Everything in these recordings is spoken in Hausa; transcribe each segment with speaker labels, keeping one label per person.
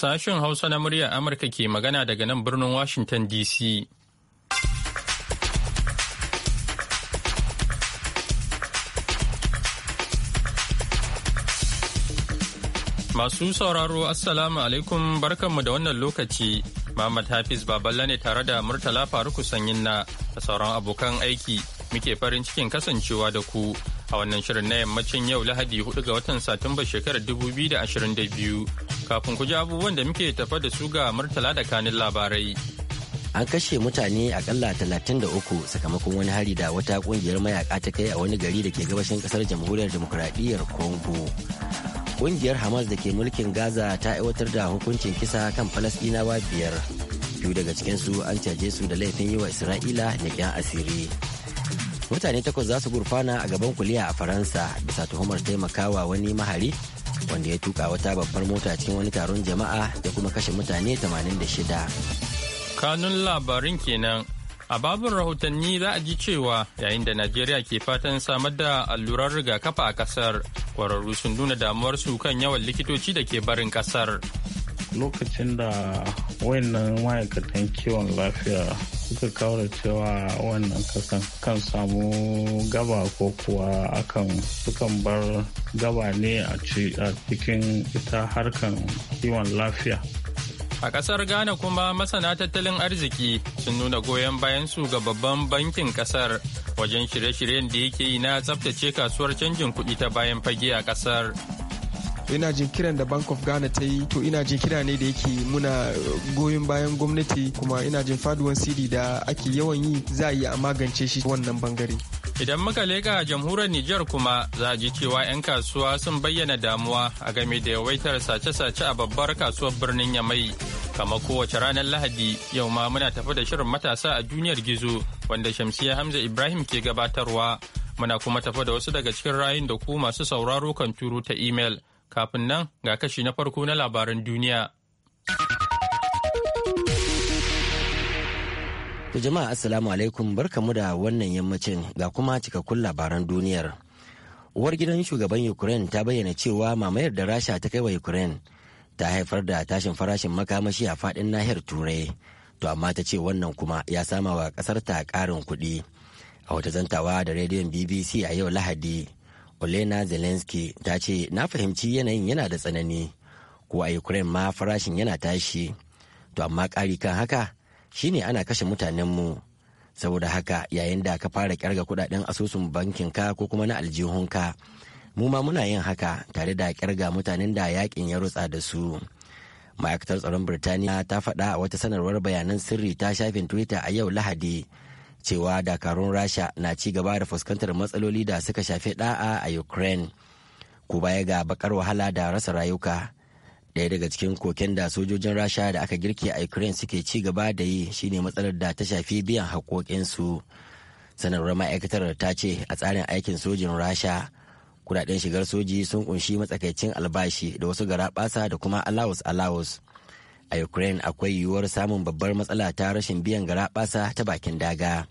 Speaker 1: Sashen Hausa na muryar Amurka ke magana daga nan birnin Washington DC. Masu sauraro Assalamu alaikum barkanmu da wannan lokaci. Muhammad Hafiz Baballa ne tare da Murtala Faruku Sanyin na da sauran abokan aiki muke farin cikin kasancewa da ku a wannan shirin na yammacin yau lahadi 4 ga watan satumba shekarar biyu kafin ku ji abubuwan da muke tafa da su ga murtala da kanin labarai
Speaker 2: an kashe mutane akalla uku sakamakon wani hari da wata kungiyar mayaka ta kai a wani gari da ke gabashin kasar jamhuriyar demokuraɗiyyar congo kungiyar hamas da ke mulkin gaza ta aiwatar da hukuncin kisa kan falasɗinawa biyar biyu daga cikinsu an caje su da laifin yi wa isra'ila yan asiri mutane takwas za su gurfana a gaban kuliya a faransa bisa tuhumar taimakawa wani mahari wanda ya tuka wata babbar mota cikin wani taron jama'a da kuma kashe mutane 86
Speaker 1: kanun labarin kenan a babin rahotanni za a ji cewa yayin da najeriya ke fatan samar da allurar rigakafa a kasar kwararru sun nuna damuwar su kan yawan likitoci da ke barin kasar
Speaker 3: lokacin da wayannan ma'aikatan kiwon lafiya suka cewa wannan kasan kan samu gaba ko kuwa akan sukan bar gaba ne a cikin ita harkan kiwon lafiya
Speaker 1: A ƙasar Ghana kuma masana tattalin arziki sun nuna goyon bayan su ga babban bankin ƙasar wajen shirye-shiryen da yake yi na tsabtace kasuwar canjin kuɗi ta bayan fage a ƙasar.
Speaker 4: ina jin kiran da bank of ghana ta yi to ina jin kira ne da yake muna eh, goyon bayan gwamnati kuma ina jin faduwan cd da ake yawan yi za a yi a magance shi wannan bangare
Speaker 1: idan muka leka jamhuriyar nijar kuma za a ji cewa 'yan kasuwa sun bayyana damuwa a game da yawaitar sace-sace a babbar kasuwar birnin yamai kama kowace ranar lahadi yau ma muna tafi da shirin matasa a duniyar gizo wanda shamsiya hamza ibrahim ke gabatarwa muna kuma tafi da wasu daga cikin rayun da ku masu sauraro kan turu ta imel kafin nan ga kashi na farko na labaran duniya.
Speaker 2: To jama'a assalamu alaikum barkamu da wannan yammacin ga kuma cikakkun labaran duniyar. Uwar gidan shugaban Ukraine ta bayyana cewa mamayar da Rasha ta kai wa Ukraine ta haifar da tashin farashin makamashi a fadin nahiyar Turai. To amma ta ce wannan kuma ya samawa wa kasar ta karin kuɗi. A wata zantawa da rediyon BBC a yau Lahadi, Olena Zelensky ta ce na fahimci yanayin yana da tsanani ko a Ukraine ma farashin yana tashi to amma ƙari kan haka shine ana kashe mutanenmu saboda haka yayin da ka fara kyarga kudaden asusun bankin ka ko kuma na aljihun ka mu ma muna yin haka tare da kyarga mutanen da yakin ya rutsa da su ma'aikatar tsaron birtaniya ta faɗa a wata sanarwar bayanan sirri ta shafin twitter a yau lahadi cewa dakarun rasha na ci gaba da fuskantar matsaloli da suka shafi da'a a ukraine ko baya ga bakar wahala da rasa rayuka ɗaya daga cikin koken da sojojin rasha da aka girke a ukraine suke ci gaba da yi shine matsalar da ta shafi biyan haƙoƙinsu sanarwar ma'aikatar ta ce a tsarin aikin sojin rasha kudaden shigar soji sun kunshi matsakaicin albashi da wasu garaɓasa da kuma alawus alawus a ukraine akwai yiwuwar samun babbar matsala ta rashin biyan garaɓasa ta bakin daga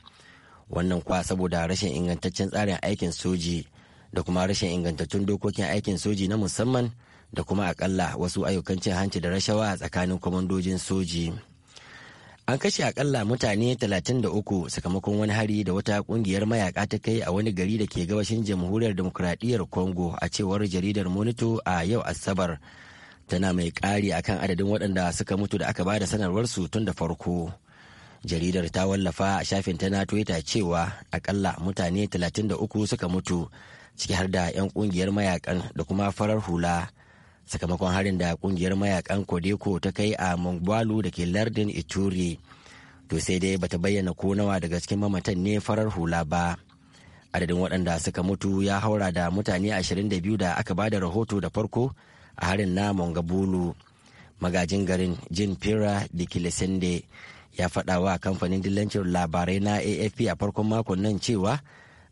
Speaker 2: wannan kwa saboda rashin ingantaccen tsarin aikin soji da kuma rashin ingantattun dokokin aikin soji na musamman da kuma akalla wasu ayyukan cin hanci da rashawa tsakanin kwamandojin soji an kashe akalla mutane 33 sakamakon wani hari da wata kungiyar mayaka ta kai a wani gari da ke gabashin jamhuriyar demokradiyyar congo a cewar jaridar monito a yau asabar tana mai ƙari akan adadin waɗanda suka mutu da aka bada su tun da farko jaridar ta wallafa a shafin ta na twitter cewa akalla mutane 33 suka mutu ciki har da 'yan kungiyar mayakan da kuma farar hula sakamakon harin da kungiyar mayakan kodeko ta kai a mongbalu da ke lardin ituri to sai dai bata bayyana ko nawa daga cikin mamatan ne farar hula ba adadin waɗanda suka mutu ya haura da mutane 22 da aka ba da rahoto da farko a harin na mongabulu magajin garin jin fira da kilesende ya faɗa wa kamfanin dillancin labarai na afp a farkon makon nan cewa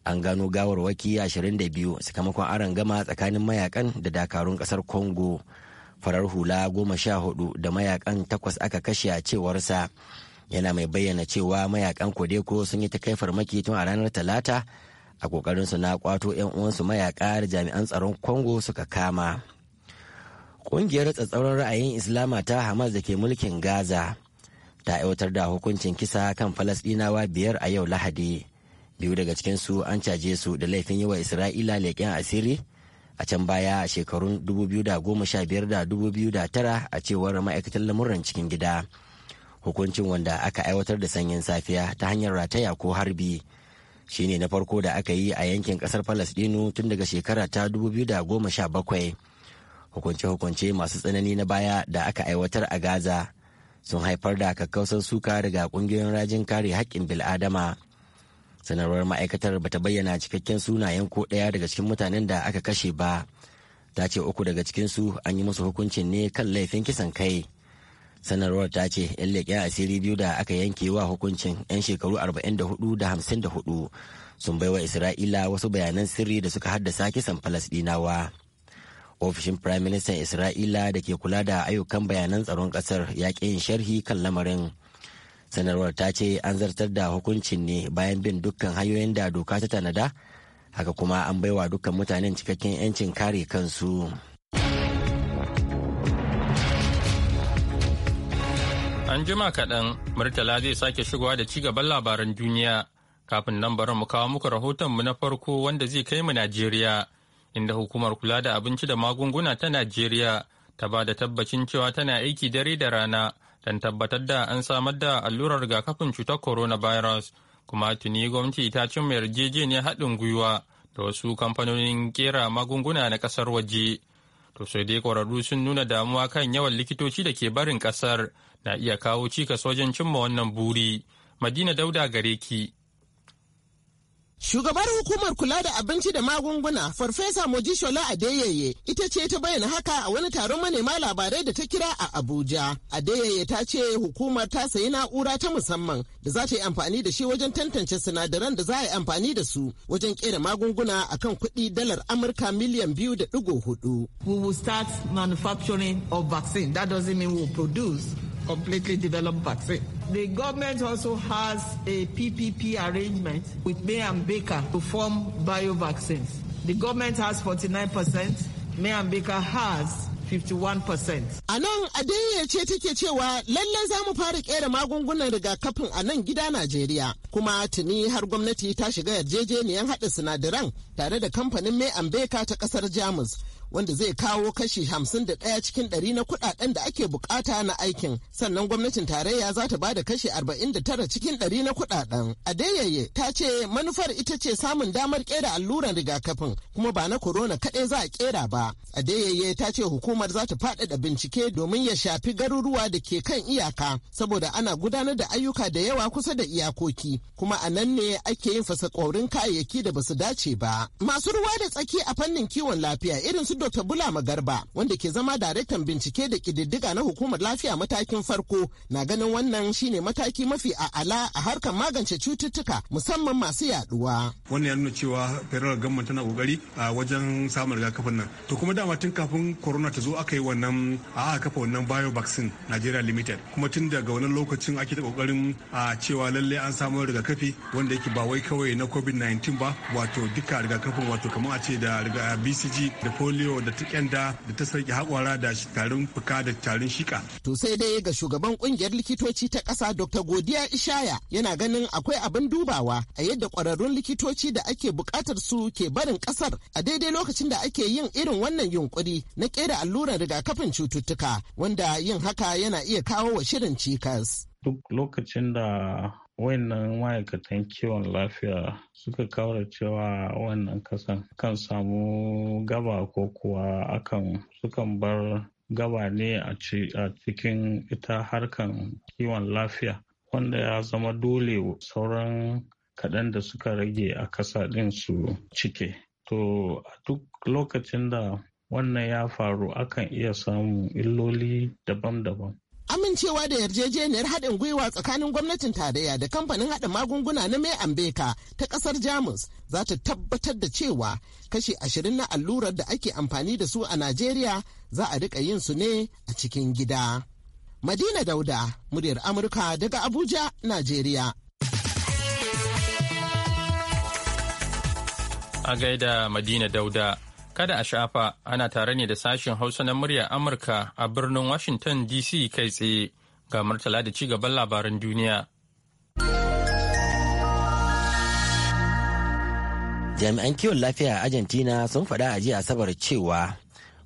Speaker 2: an gano gawarwaki 22 sakamakon aron gama tsakanin mayakan da dakarun ƙasar congo farar hula goma sha hudu da mayakan takwas aka kashe a cewarsa yana mai bayyana cewa mayakan kodeko sun yi ta kai farmaki tun a ranar talata a kokarinsu na kwato 'yan uwansu mayaka da jami'an tsaron congo suka kama Ƙungiyar tsatsauran ra'ayin Islama ta Hamas da ke mulkin Gaza ta aiwatar da hukuncin kisa kan Falasɗinawa biyar a yau Lahadi. Biyu daga cikinsu an caje su da laifin yi wa Isra'ila leƙen asiri a can baya a shekarun 2015 2009 a cewar ma'aikatar lamuran cikin gida. Hukuncin wanda aka aiwatar da sanyin safiya ta hanyar rataya ko harbi shi ne na farko da aka yi a yankin ƙasar Falasɗinu tun daga shekara ta 2017. hukunce-hukunce masu tsanani na baya da aka aiwatar a gaza sun haifar da kakkausar suka daga kungiyoyin rajin kare haƙƙin bil'adama sanarwar ma'aikatar bata bayyana cikakken sunayen ko ɗaya daga cikin mutanen da aka kashe ba ta ce uku daga cikinsu an yi musu hukuncin ne kan laifin kisan kai sanarwar ta ce 'yan leƙen asiri biyu da aka yanke wa hukuncin 'yan shekaru 44 da 54 sun baiwa isra'ila wasu bayanan sirri da suka haddasa kisan falasɗinawa. ofishin prime minister isra'ila da ke kula da ayyukan bayanan tsaron kasar ya ƙi yin sharhi kan lamarin sanarwar ta ce an zartar da hukuncin ne bayan bin dukkan hanyoyin da doka ta tanada haka kuma an baiwa dukkan mutanen cikakken 'yancin kare kansu
Speaker 1: an jima kaɗan murtala zai sake shigowa da ci gaban labaran duniya kafin nan bari mu kawo muku rahotonmu na farko wanda zai kai mu najeriya inda hukumar kula da abinci da magunguna ta Najeriya ta ba da tabbacin cewa tana aiki dare da rana don tabbatar da an samar da allurar rigakafin cutar coronavirus kuma tuni gwamnati ta cin mai yarjejeniyar haɗin gwiwa da wasu kamfanonin kera magunguna na ƙasar waje. To sai dai ƙwararru sun nuna damuwa kan yawan likitoci da ke barin ƙasar na iya kawo cikas wajen cimma wannan buri. Madina Dauda gare ki
Speaker 5: Shugabar hukumar kula da abinci da magunguna Farfesa Mojishola Adeyeye ita ce ta bayyana haka a wani taron manema labarai da ta kira a Abuja. Adeyeye ta ce hukumar ta sayi na'ura ta musamman da za ta yi amfani da shi wajen tantance sinadaran da za a yi amfani da su wajen kera magunguna akan kuɗi dalar Amurka miliyan biyu da ɗigo hudu. We will start manufacturing of vaccine. That doesn't mean we produce completely develop vaccine. The government also has a PPP arrangement with May and Baker to form vaccines The government has 49%, May and Baker has 51%. A nan Adeyeye ce take cewa lallai za mu fara kera magungunan rigakafin a nan gida Najeriya kuma tuni har gwamnati ta shiga yarjejeniyar haɗa sinadaran tare da kamfanin May and ta ƙasar Jamus. wanda zai kawo kashi hamsin da ɗaya cikin ɗari na kuɗaɗen da ake bukata na aikin sannan gwamnatin tarayya za ta bada kashi 49 cikin ɗari na kuɗaɗen. adeyeye ta ce manufar ita ce samun damar ƙera alluran rigakafin kuma ba na korona kaɗai za a ƙera ba adeyeye ta ce hukumar za ta faɗaɗa bincike domin ya shafi garuruwa da ke kan iyaka saboda ana gudanar da ayyuka da yawa kusa da iyakoki kuma a nan ne ake yin fasa kayayyaki da ba su dace ba masu ruwa da tsaki a fannin kiwon lafiya irin su Dr. Bulama Garba wanda ke zama daraktan bincike da kididdiga na hukumar lafiya matakin farko na ganin wannan shine mataki mafi a'ala a harkar magance cututtuka musamman masu
Speaker 4: yaduwa. Wannan ya nuna cewa federal government tana kokari a wajen samun rigakafin nan. To kuma dama tun kafin corona ta zo aka yi wannan a aka kafa wannan bio vaccine Nigeria Limited. Kuma tun daga wannan lokacin ake ta kokarin a cewa lalle an samu rigakafi wanda yake ba wai kawai na COVID-19 ba wato duka rigakafin wato kamar a ce da BCG da polio ciwo da ta kyanda da ta sauki haƙwara da tarin fuka da tarin shika. To sai
Speaker 5: dai ga shugaban kungiyar likitoci ta ƙasa Dr. Godiya Ishaya yana ganin akwai abin dubawa a yadda ƙwararrun likitoci da ake buƙatar su ke barin ƙasar a daidai lokacin da ake yin irin wannan yunƙuri na ƙera allurar rigakafin cututtuka wanda yin haka yana iya kawo wa shirin cikas.
Speaker 3: Duk lokacin da wayannan ma'aikatan kiwon lafiya suka kawar cewa wannan kasan kan samu gaba ko kuwa akan sukan bar gaba ne a cikin ita harkan kiwon lafiya wanda ya zama dole sauran kaɗan da suka rage a kasa ɗin su cike to a duk lokacin da wannan ya faru akan iya samun illoli daban-daban
Speaker 5: amincewa da yarjejeniyar haɗin gwiwa tsakanin gwamnatin tarayya da kamfanin haɗa magunguna na mai ambeka ta ƙasar jamus za ta tabbatar da cewa kashi ashirin na allurar da ake amfani da su a najeriya za a riƙa yin su ne a cikin gida madina dauda muryar amurka daga abuja najeriya
Speaker 1: a gaida madina dauda Kada a shafa ana tare ne da sashen Hausa na murya Amurka a birnin Washington DC kai tsaye ga Murtala da cigaban labaran duniya.
Speaker 2: Jami'an kiwon lafiya a Argentina sun faɗa a jiya Asabar cewa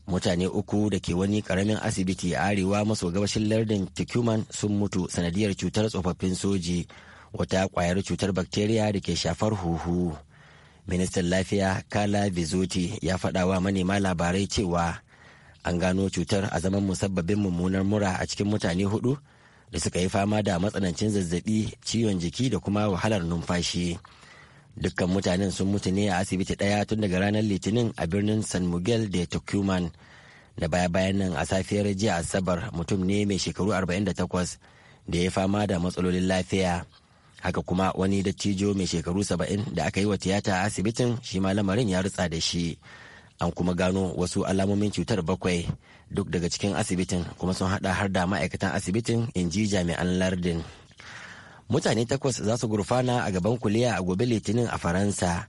Speaker 2: mutane uku da ke wani karamin asibiti a arewa maso gabashin lardin tucuman sun mutu sanadiyar cutar tsofaffin soji wata kwayar cutar bakteriya da ke shafar huhu ministan lafiya kala bizuti ya faɗa wa manema labarai cewa an gano cutar a zaman musabbabin mummunar mura a cikin mutane hudu da suka yi fama da matsanancin zazzabi ciwon jiki da kuma wahalar numfashi dukkan mutanen sun mutu ne a asibiti ɗaya tun daga ranar litinin a birnin san miguel de tucuman da baya bayan nan a safiyar jiya asabar mutum ne mai shekaru 48 da ya fama da matsalolin lafiya haka kuma wani dattijo mai shekaru saba'in da aka yi wa tiyata a asibitin shi ma lamarin ya rutsa da shi an kuma gano wasu alamomin cutar bakwai duk daga cikin asibitin kuma sun hada har da ma'aikatan asibitin in ji jami'an lardin mutane takwas za su gurfana a gaban kuliya a gobe litinin a faransa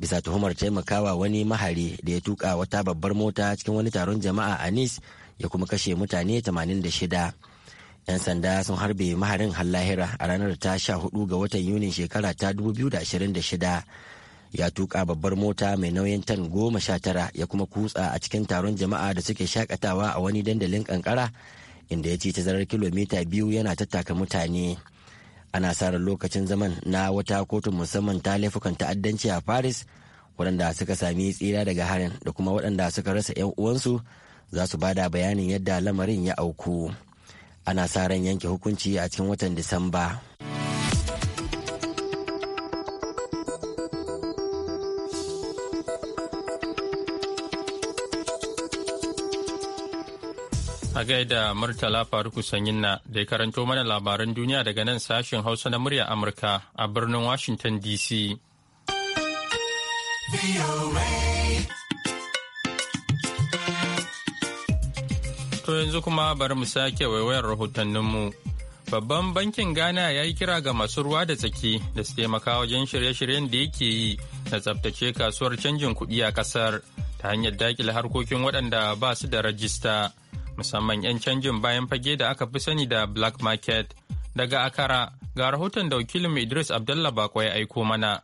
Speaker 2: bisa tuhumar taimakawa wani mahari da ya tuka wata babbar mota cikin wani taron jama'a a nice ya kuma kashe mutane 86 'yan sanda sun harbe maharin hallahira a ranar ta sha hudu ga watan yunin shekara ta 2026 ya tuka babbar mota mai nauyin tan goma sha tara ya kuma kutsa a cikin taron jama'a da suke shakatawa a wani dandalin kankara inda ya ci zarar kilomita biyu yana tattaka mutane ana sa lokacin zaman na wata kotun musamman ta laifukan ta'addanci a paris waɗanda suka sami tsira daga harin da kuma waɗanda suka rasa 'yan uwansu za su bada bayanin yadda lamarin ya auku. ana sa ran yanke hukunci a cikin watan disamba
Speaker 1: a gaida murtala faruku sanyin na da ya karanto mana labaran duniya daga nan sashen hausa na murya amurka a birnin washington dc To yanzu kuma bari mu sake waiwayar rahotanninmu. Babban bankin Ghana ya yi kira ga masu ruwa da tsaki da su taimaka wajen shirye-shiryen da yake yi na tsabtace kasuwar canjin kuɗi a ƙasar ta hanyar dakile harkokin waɗanda ba su da rajista musamman 'yan canjin bayan fage da aka fi sani da black market daga akara ga rahoton da wakilin idris abdallah bako ya aiko mana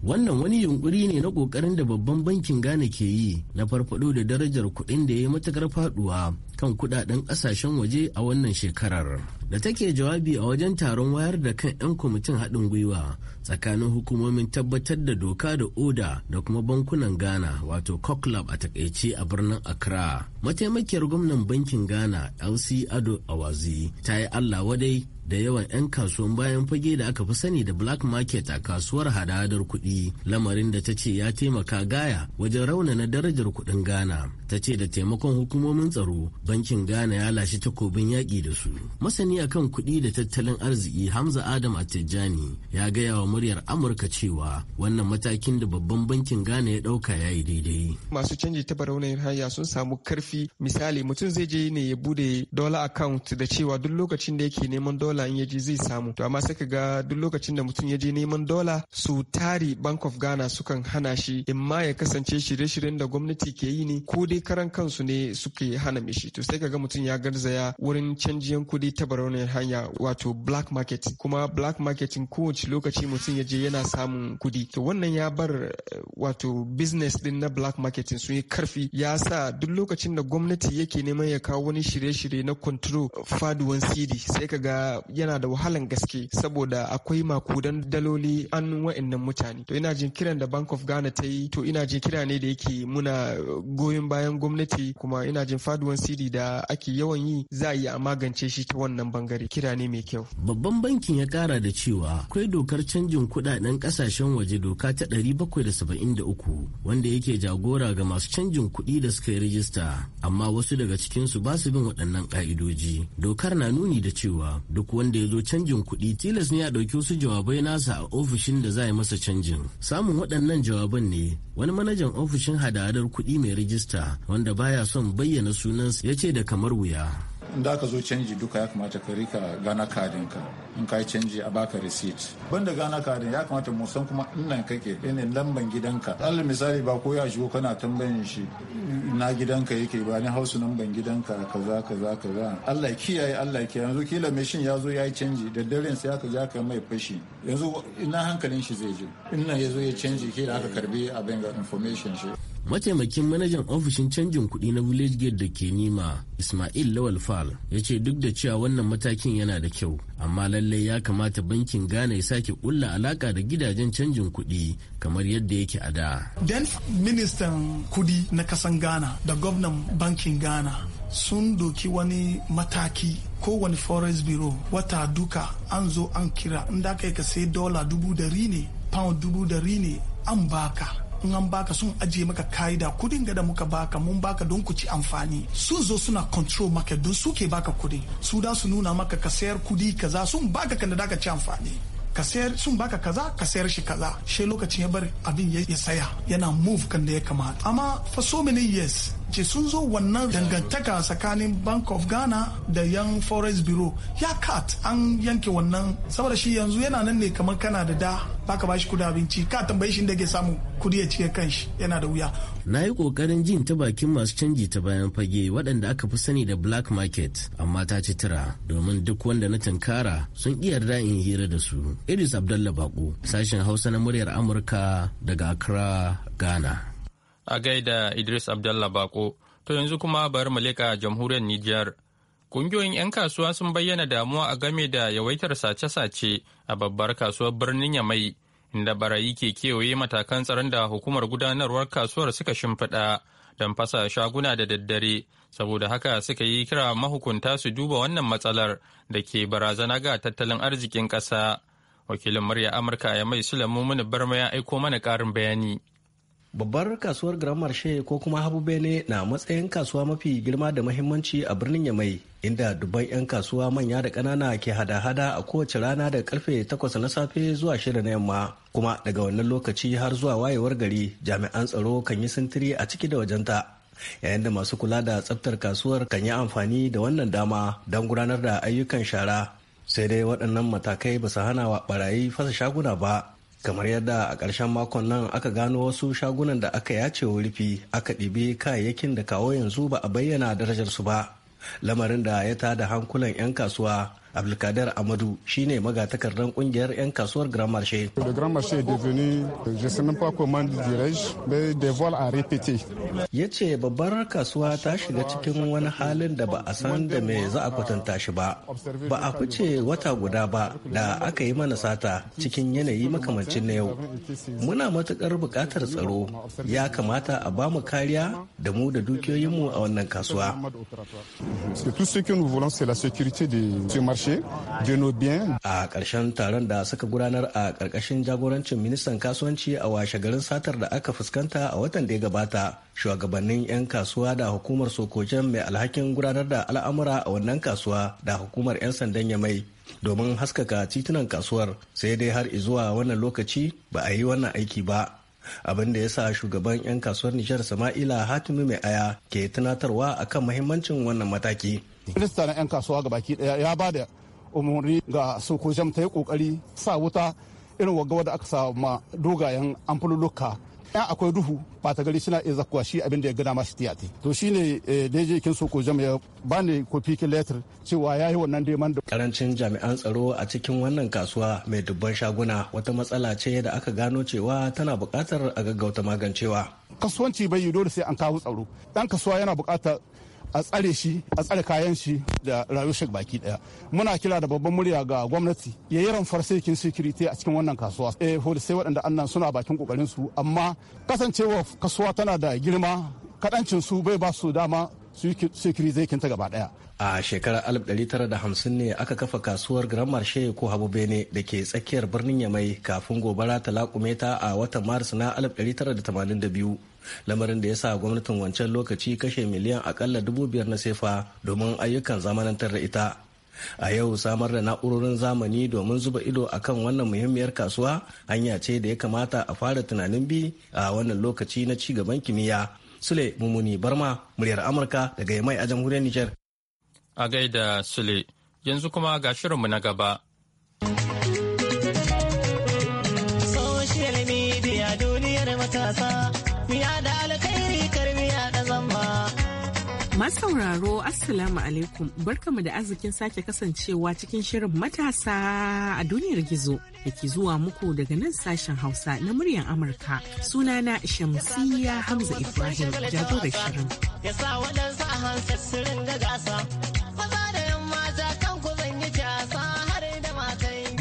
Speaker 6: Wannan wani yunkuri ne na ƙoƙarin da babban bankin Ghana ke yi na farfado da darajar kuɗin da ya yi matukar faduwa kan kuɗaɗen ƙasashen waje a wannan shekarar. Da take jawabi a wajen taron wayar da kan 'yan kwamitin haɗin gwiwa tsakanin hukumomin tabbatar da doka da oda da kuma bankunan Ghana wato Coclub a takaice a birnin Accra. Mataimakiyar gwamnan bankin Ghana LC Ado Awazi ta yi Allah wadai da yawan 'yan kasuwan bayan fage da aka fi sani da black market a kasuwar hada-hadar kuɗi lamarin da ta ce ya taimaka gaya wajen raunana darajar kuɗin ghana ta ce da taimakon hukumomin tsaro bankin ghana ya lashe takobin yaƙi da su masani akan kuɗi da tattalin arziki hamza adam tijjani ya gaya wa muryar amurka cewa wannan matakin da babban bankin ghana ya ɗauka ya yi daidai
Speaker 4: masu canji ta baraunayin haya sun samu karfi misali mutum zai je ne ya bude dola account da cewa duk lokacin da yake neman dola dola in ya zai samu to amma sai ka ga duk lokacin da mutum ya je neman dola su tari bank of ghana sukan hana shi in ma ya kasance shirye-shiryen da gwamnati ke yi ne ko dai karan kansu ne suke hana mishi to sai ka ga mutum ya garzaya wurin canjiyan kudi ta barauniyar hanya wato black market kuma black marketing kowace lokaci mutum yaje yana samun kudi to wannan ya bar wato business din na black marketing sun yi karfi ya sa duk lokacin da gwamnati yake neman ya kawo wani shirye-shirye na control faduwan cd sai ka ga yana da wahalan gaske saboda akwai makudan daloli an wa'annan mutane to ina jin kiran da bank of ghana ta yi to ina jin kira ne da yake muna goyon bayan gwamnati kuma ina jin faduwan siri da ake yawan yi za a yi a magance shi ta wannan bangare kira ne mai kyau babban bankin ya kara da cewa
Speaker 6: akwai dokar canjin kudaden kasashen waje doka ta ɗari bakwai da saba'in 773 wanda yake jagora ga masu canjin kuɗi da suka yi rijista amma wasu daga cikinsu ba su bin waɗannan ka'idoji dokar na nuni da cewa duk wanda ya zo canjin kuɗi tilas ne ya ɗauki wasu jawabai nasa a ofishin da za a yi masa canjin samun waɗannan jawaban ne wani manajan ofishin hada-hadar kuɗi mai rijista wanda baya son bayyana sunansa ya ce da kamar wuya
Speaker 1: in da ka zo canji duka ya kamata ka rika gana kadin ka in ka yi canji a baka receipt banda gana kadin ya kamata mu san kuma ina kake ne lamban gidanka alal misali ba ko ya shigo kana tambayin shi na gidanka yake ba ni hausu lamban gidanka kaza kaza kaza Allah kiyaye Allah kiyaye yanzu kila mai shin ya zo ya yi canji da daren sai aka ja ka mai fashi
Speaker 7: yanzu ina hankalin shi zai je ina ya zo ya canji kila aka karbi abin ga information shi
Speaker 6: mataimakin manajan ofishin canjin kuɗi na village gate da ke nima ismail lawal fal ya ce duk da cewa wannan matakin yana da kyau amma lallai ya kamata bankin ghana ya sake kulla alaka da gidajen canjin kuɗi kamar yadda yake a da
Speaker 8: den ministan kuɗi na kasan ghana da gwamnan bankin ghana sun doki wani mataki kowane forest bureau wata duka an zo an kira inda aka yi ka sai dola dubu dari ne pound dubu dari ne an baka in an baka sun ajiye maka ka'ida kudin ga da muka baka mun baka don ku ci amfani su zo suna control maka don suke baka kudi su da su nuna maka ka sayar kudi kaza sun baka kan da ka ci amfani ka sayar sun baka kaza ka sayar shi kaza shi lokacin ya bar abin ya saya yana move kan da ya kamata amma for so many years ce sun zo wannan dangantaka tsakanin bank of ghana da yan forest bureau ya kat an yanke wannan saboda shi yanzu yana nan ne kamar kana da da baka bashi kudi abinci ka tambaye shi da ke samu kudi ya cike kanshi yana da wuya
Speaker 6: na yi kokarin jin ta bakin masu canji ta bayan fage waɗanda aka fi sani da black market amma ta ci tira domin duk wanda na tunkara sun iya yarda in hira da su idris abdallah bako sashen hausa na muryar amurka daga accra ghana
Speaker 1: a gaida Idris Abdallah Bako. To yanzu kuma bari mu jamhuriyar Nijar. Kungiyoyin 'yan kasuwa sun bayyana damuwa a game da yawaitar sace-sace a babbar kasuwar birnin Yamai, inda barayi ke kewaye matakan tsaron da hukumar gudanarwar kasuwar suka shimfiɗa don fasa shaguna da daddare, saboda haka suka yi kira mahukunta su duba wannan matsalar da ke barazana ga tattalin arzikin ƙasa. Wakilin murya Amurka ya mai Sulaimu Mini Barma ya aiko mana ƙarin bayani. Babbar kasuwar
Speaker 9: Grand ko kuma Habu Bene na matsayin kasuwa mafi girma da mahimmanci a birnin Yamai, inda dubban 'yan kasuwa manya da kanana ke hada-hada a kowace rana da karfe 8 na safe zuwa 6 na yamma. Kuma daga wannan lokaci har zuwa wayewar gari jami'an tsaro kan yi sintiri a ciki da wajenta. yayin da masu kula da tsaftar kasuwar kan yi amfani da wannan dama don gudanar da ayyukan shara sai dai waɗannan matakai ba su hana wa barayi fasa shaguna ba kamar yadda a ƙarshen makon nan aka gano wasu shagunan da aka yace rufi aka ɗibi kayayyakin da kawo yanzu ba a bayyana darajarsu ba lamarin da ya tada hankulan 'yan kasuwa abdulkadir Amadu shine magatakardar kungiyar 'yan kasuwar Grand Marché. Le Grand Marché est devenu,
Speaker 7: je sais même pas comment dirais-je, mais des vols à
Speaker 9: répéter. Ya ce babbar kasuwa ta shiga cikin wani halin da ba a san da me za a kwatanta shi ba. Ba a fice wata guda ba da aka yi mana sata cikin yanayi makamancin na yau. Muna matukar buƙatar tsaro. Ya kamata a ba mu kariya da mu da dukiyoyinmu a wannan kasuwa. C'est tout marché A ƙarshen taron da suka gudanar a ƙarƙashin jagorancin ministan kasuwanci a washe garin satar da aka fuskanta a watan da ya gabata. Shugabannin 'yan kasuwa da hukumar Sokojen mai alhakin gudanar da al'amura a wannan kasuwa da hukumar 'yan sandan Yamai domin haskaka titunan kasuwar sai dai har zuwa wannan lokaci ba a yi wannan aiki ba. abin da ya sa shugaban 'yan kasuwar nijar sama'ila hatimi mai aya ke tunatarwa akan mahimmancin wannan mataki minista
Speaker 8: na 'yan kasuwa baki daya ya ba da umarni ga sokojam ta yi kokari sa wuta irin waggawa da aka sa dogayen amfululuka yan akwai duhu ba ta gari suna iya zakuwa shi abin da ya gada mashi tiyati to shi ne eh, da je kin soko ya ba ne kofi letter
Speaker 9: cewa ya yi wannan neman da karancin jami'an tsaro a cikin wannan kasuwa mai dubban shaguna wata matsala ce da aka gano cewa tana buƙatar a gaggauta magancewa kasuwanci
Speaker 8: bai yi dole sai an kawo tsaro Ɗan kasuwa yana buƙatar a tsare shi a tsare kayan shi da rayuwar baki daya muna kira da babban murya ga gwamnati ya yi ramfar sirkin security a cikin wannan kasuwa eh sai waɗanda annan suna bakin kokarin su amma kasancewa kasuwa tana da girma kadancin su bai ba su dama security ta gaba daya
Speaker 9: a shekarar 1950 ne aka kafa kasuwar grand marché ko habu bene da ke tsakiyar birnin yamai kafin gobara ta lakume ta a watan maris na 1982 lamarin da ya sa gwamnatin wancan lokaci kashe miliyan akalla dubu biyar na sefa domin ayyukan zamanantar da ita a yau samar da na'urorin zamani domin zuba ido a kan wannan muhimmiyar kasuwa hanya ce da ya kamata a fara tunanin bi a wannan lokaci na ci gaban kimiyya Sule Mumuni Barma muryar Amurka daga Yamai a jamhuriyar Nijar.
Speaker 1: A gaida Sule, yanzu kuma ga shirinmu na gaba.
Speaker 10: Masauraro sauraro Assalamu alaikum barkamu da arzikin sake kasancewa cikin shirin matasa a duniyar gizo da ke zuwa muku daga nan sashen Hausa na muryar Amurka. Sunana Shamsiyya Hamza Ibrahim jagorar shirin.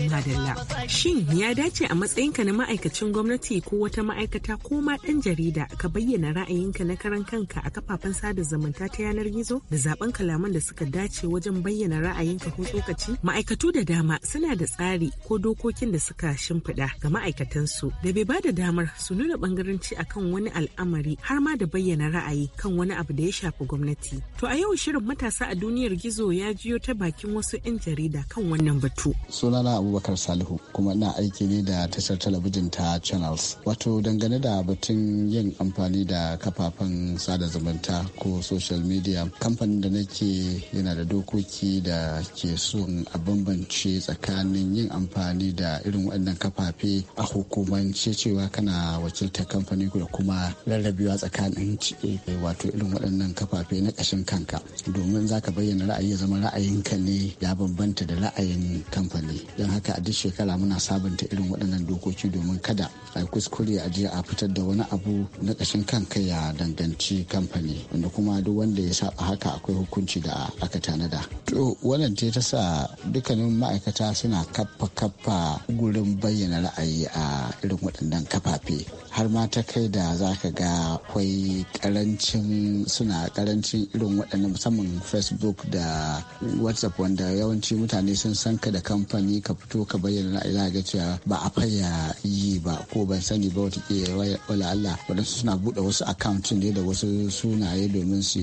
Speaker 10: Madalla. Shin ya dace a matsayinka na ma'aikacin gwamnati ko wata ma'aikata ko ma ɗan jarida ka bayyana ra'ayinka na karan kanka a kafafen sada zumunta ta yanar gizo da zaben kalaman da suka dace wajen bayyana ra'ayinka ko tsokaci? Ma'aikatu da dama suna da tsari ko dokokin da suka shimfiɗa ga ma'aikatansu da bai bada damar su nuna a kan wani al'amari har ma da bayyana ra'ayi kan wani abu da ya shafi gwamnati. To a yau shirin matasa a duniyar gizo ya jiyo ta bakin wasu 'yan jarida
Speaker 7: kan wannan batu. Sunana Abubakar abubakar salihu kuma ina aiki ne da tashar talabijin ta channels wato dangane da batun yin amfani da kafafen sada zumunta ko social media kamfanin da nake yana da dokoki da ke son a bambance tsakanin yin amfani da irin waɗannan kafafe a hukumance cewa kana wakiltar kamfani da kuma rarrabewa tsakanin eh, wato irin waɗannan kafafe na ƙashin kanka domin za ka bayyana ra'ayi zama ra'ayinka ne ya bambanta da ra'ayin kamfani don haka haka a duk shekara muna sabunta irin waɗannan dokoki domin kada a kuskure a je a fitar da wani abu na ƙashin kan kai ya danganci kamfani wanda kuma duk wanda ya saba haka akwai hukunci da aka tanada to wannan ce ta sa dukkanin ma'aikata suna kaffa kaffa gurin bayyana ra'ayi a irin waɗannan kafafe har ma ta kai da za ka ga akwai karancin suna karancin irin waɗannan musamman facebook da whatsapp wanda yawanci mutane sun san ka da kamfani ka fito fito ka bayyana na ila ga cewa ba a faya yi ba ko ban sani ba wata wala Allah wadansu suna buɗe wasu account ne da wasu sunaye domin su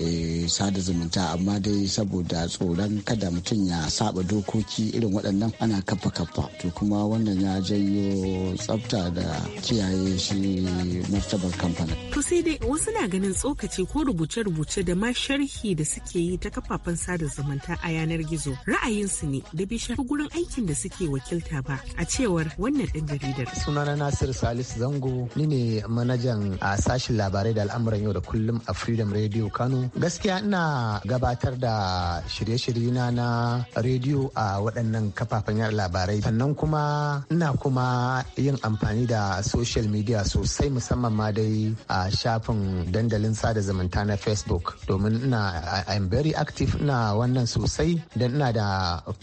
Speaker 7: eh, sada zumunta amma dai saboda tsoron kada mutum ya saba dokoki irin waɗannan ana kafa kafa to kuma wannan ya janyo tsafta da kiyaye shi martabar kamfanin.
Speaker 10: To sai dai wasu na ganin tsokaci ko rubuce-rubuce da ma sharhi da suke yi ta kafafen sada zumunta a yanar gizo ra'ayinsu ne da bi shafi gurin aikin da suke wakilta ba a cewar wannan ɗan jaridar. Sunana Nasir Salisu Zango ni ne manajan
Speaker 11: a sashen labarai da al'amuran yau da kullum a Freedom Radio Kano. Gaskiya ina gabatar da shirye-shirye na na rediyo a waɗannan kafafen yar labarai. Sannan kuma ina kuma yin amfani da social media sosai musamman ma dai a shafin dandalin sada zumunta na Facebook domin ina I'm very active ina wannan sosai don ina da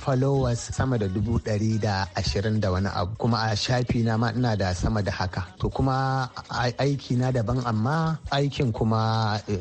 Speaker 11: followers sama da dubu ɗari da ashirin da wani abu kuma a shafi na ma ina da sama da haka to kuma aiki na daban amma aikin kuma eh,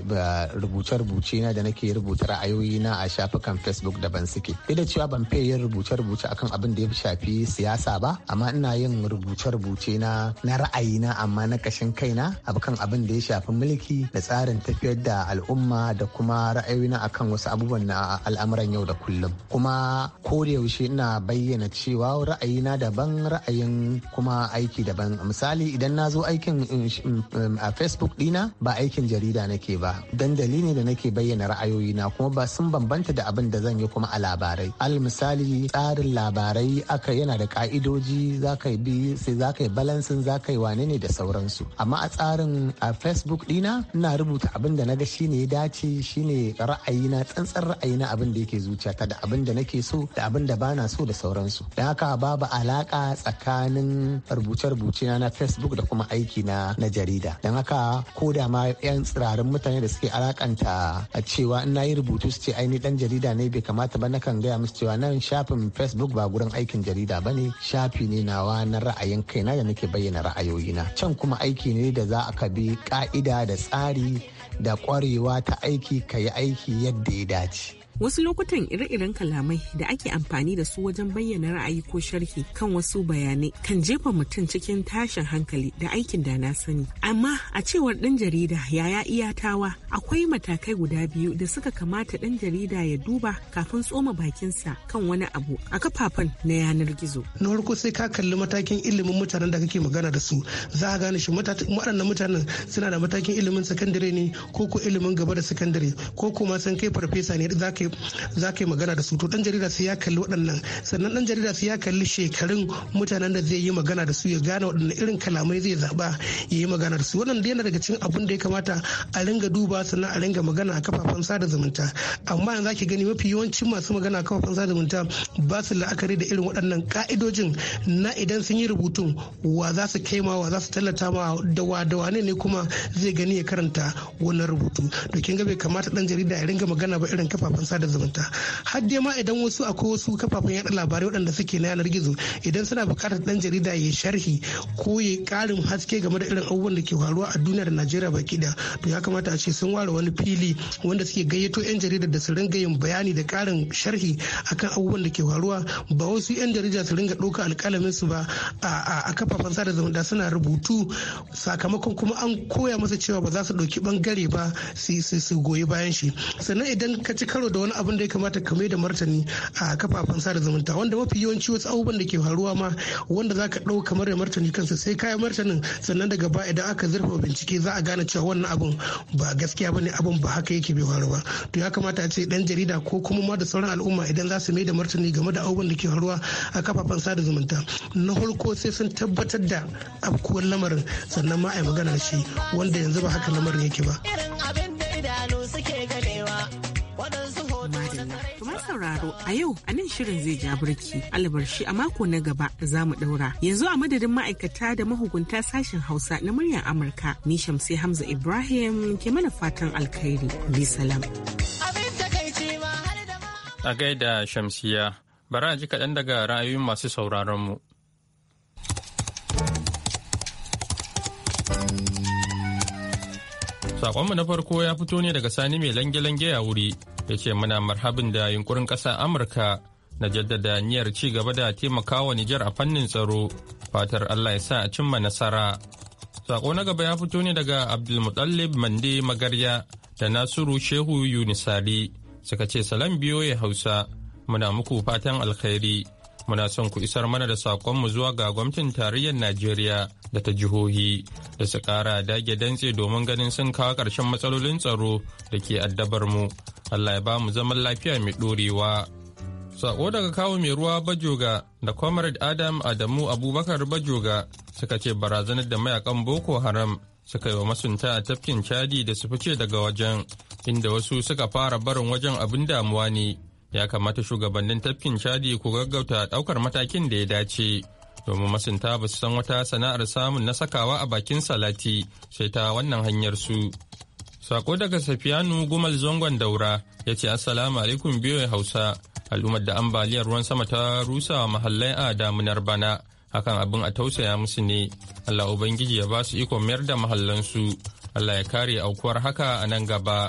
Speaker 11: rubuce-rubuce na da nake rubuta ra'ayoyi na a shafukan facebook daban suke duk da cewa ban fiye yin rubuce-rubuce akan abin da ya shafi siyasa ba amma ina yin rubuce-rubuce na na ra'ayi na amma na kashin kaina akan abin da ya shafi mulki da tsarin tafiyar da al'umma da kuma ra'ayoyi na akan wasu abubuwan na al'amuran yau da kullum kuma ko da yaushe ina bayyana cewa ra'ayi na daban ra'ayin kuma aiki daban misali idan na zo aikin mm, mm, mm, a facebook dina ba aikin jarida nake ba dandali ne da nake bayyana ra'ayoyi na kuma ba sun bambanta da abin da zan yi kuma a labarai al misali tsarin labarai aka yana da ka'idoji za ka bi sai za ka yi balansin za ka yi wane ne da sauransu amma a tsarin a facebook dina ina rubuta abin da na ga shine ya dace shine ra'ayina tsantsar ra'ayina abin da yake ta da abin da nake so da abin da bana so da sauransu su da haka babu alaka tsakanin rubuce-rubuce na facebook da kuma aiki na na jarida don haka ko da ma yan tsirarin mutane da suke alakanta a cewa in na yi rubutu su ce aini dan jarida ne bai kamata ba nakan gaya musu cewa nan shafin facebook ba gurin aikin jarida ba ne shafi ne nawa na ra'ayin kaina da nake bayyana ra'ayoyina can kuma aiki ne da za a bi ka'ida da tsari da kwarewa ta aiki ka yi aiki yadda ya dace
Speaker 10: Wasu lokutan ire-iren kalamai da ake amfani da su wajen bayyana ra'ayi ko sharhi kan wasu bayanai kan jefa mutum cikin tashin hankali da aikin da na sani. Amma a cewar ɗan jarida yaya iyatawa akwai matakai guda biyu da suka kamata ɗan jarida ya duba kafin tsoma bakinsa kan wani abu a kafafen na yanar gizo.
Speaker 8: Na farko sai ka kalli matakin ilimin mutanen da kake magana da su za ka gane shi waɗannan mutanen suna da matakin ilimin sakandare ne ko ko ilimin gaba da sakandare ko kuma san kai farfesa ne za ka yi za ka yi magana da su to dan jarida sai ya kalli waɗannan sannan dan jarida sai ya kalli shekarun mutanen da zai yi magana da su ya gane waɗannan irin kalamai zai zaba ya yi magana da su wannan da yana daga cikin abin da ya kamata a ringa duba sannan a ringa magana a kafafen sada zumunta amma yanzu ki gani mafi yawancin masu magana a kafafen sada zumunta ba su la'akari da irin waɗannan ka'idojin na idan sun yi rubutun wa za su kaima wa za su tallata ma da wa da wane ne kuma zai gani ya karanta wannan rubutu to kin ga bai kamata ɗan jarida ya ringa magana ba irin kafafen sada zumunta har dai ma idan wasu akwai wasu kafafen yaɗa labarai waɗanda suke na yanar gizo idan suna buƙatar ɗan jarida ya sharhi ko ya ƙarin haske game da irin abubuwan da ke faruwa a duniya da najeriya baki da to ya kamata a ce sun ware wani fili wanda suke gayyato yan jarida da su ringa yin bayani da ƙarin sharhi akan abubuwan da ke faruwa ba wasu yan jarida su ringa ɗauka alƙalamin su ba a kafafen sada zumunta suna rubutu sakamakon kuma an koya masa cewa ba za su ɗauki ɓangare ba su goyi bayan shi sannan idan ka ci karo da wani abin da ya kamata ka mai da martani a kafafen sada zumunta wanda mafi yawanci wasu abubuwan da ke faruwa ma wanda zaka ka ɗau kamar da martani kansa sai kayan martanin sannan daga ba idan aka zurfa bincike za a gane cewa wannan abin ba gaskiya bane abin ba haka yake bai faru ba to ya kamata a ce dan jarida ko kuma ma da sauran al'umma idan za su mai da martani game da abubuwan da ke faruwa a kafafen sada zumunta na farko sai sun tabbatar da afkuwar lamarin sannan ma a yi magana da shi wanda yanzu ba haka lamarin
Speaker 10: yake ba.
Speaker 11: Irin abin gani
Speaker 10: sauraro a yau a nan shirin zai ja birki albarshi a mako na gaba za mu daura yanzu a madadin ma'aikata da mahukunta sashen hausa na muryar amurka ni shamsi hamza ibrahim ke mana fatan alkhairi bi salam
Speaker 1: a gaida shamsiya bara a ji kaɗan daga ra'ayoyin masu sauraron mu Sakonmu na farko ya fito ne daga Sani mai lange-lange a wuri ya ce muna marhabin da yunkurin ƙasa Amurka na jaddada niyyar ci gaba da taimakawa Nijar a fannin tsaro fatar Allah ya sa a cimma nasara. Sako na gaba ya fito ne daga Abdulmutallib Mande Magarya da Nasiru Shehu Yunisari suka ce salam biyo ya Hausa muna muku fatan alkhairi. muna son ku isar mana da saƙonmu zuwa ga gwamnatin tarayyar Najeriya da ta jihohi da su ƙara dage dantse domin ganin sun kawo ƙarshen matsalolin tsaro da ke addabar mu. Allah ya ba mu zaman lafiya mai ɗorewa. saƙo daga kawo mai ruwa Bajoga da Comrade Adam Adamu Abubakar Bajoga suka ce barazanar da mayakan Boko Haram suka yi wa masunta a tafkin Chadi da su fice daga wajen, inda wasu suka fara barin wajen abin damuwa ne. ya kamata shugabannin tafkin chadi ku gaggauta daukar matakin da ya dace domin masunta ba su san wata sana'ar samun na sakawa a bakin salati sai ta wannan hanyar su sako daga safiyanu gumal zangon daura ya ce assalamu alaikum ya hausa al'ummar da ambaliyar ruwan sama ta rusa mahallai a damunar bana hakan abin a tausaya musu ne allah ubangiji ya ba su ikon mayar da mahallansu allah ya kare aukuwar haka a nan gaba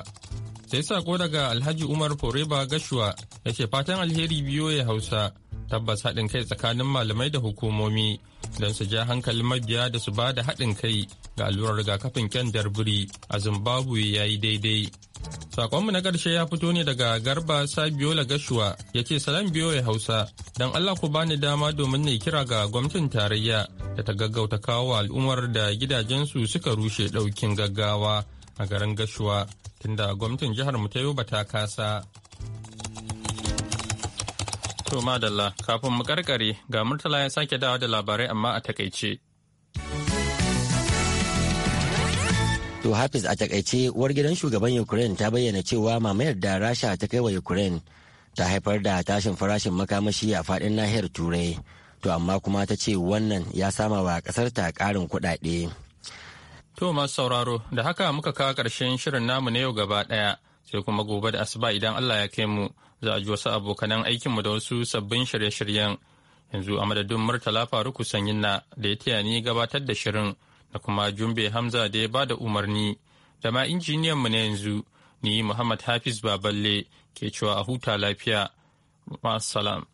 Speaker 1: sai sako daga alhaji umar foreba gashuwa da ke fatan alheri biyo ya hausa tabbas haɗin kai tsakanin malamai da hukumomi don su ja hankalin mabiya da su ba da haɗin kai ga allurar rigakafin kyan biri a zimbabwe ya yi daidai sakonmu na ƙarshe ya fito ne daga garba sabiola gashuwa ya ce salam biyo ya hausa don allah ku bani dama domin na kira ga gwamnatin tarayya da ta gaggauta kawo al'ummar da gidajensu suka rushe ɗaukin gaggawa a garin Gashuwa tunda gwamnatin jihar mu ta yi ta kasa. To madalla kafin mu karkare ga Murtala ya sake dawa da labarai amma a takaice.
Speaker 2: To Hafiz a takaice uwar gidan shugaban Ukraine ta bayyana cewa mamayar da Rasha ta kai wa Ukraine ta haifar da tashin farashin makamashi a fadin nahiyar Turai. To amma kuma ta ce wannan ya sama wa kasar ta karin kuɗaɗe.
Speaker 1: To masu sauraro, da haka muka kawo ƙarshen shirin namu na yau gaba ɗaya, sai kuma gobe da asuba idan Allah ya kai mu za a ji wasu abokanan aikinmu da wasu sabbin shirye-shiryen. Yanzu a madadin Murtala Faruku Sanyinna da ya taya ni gabatar da shirin da kuma Jumbe Hamza da ya bada umarni da ma injiniyan mu na yanzu ni Muhammad Hafiz Baballe ke cewa a huta lafiya. Ma'assalam.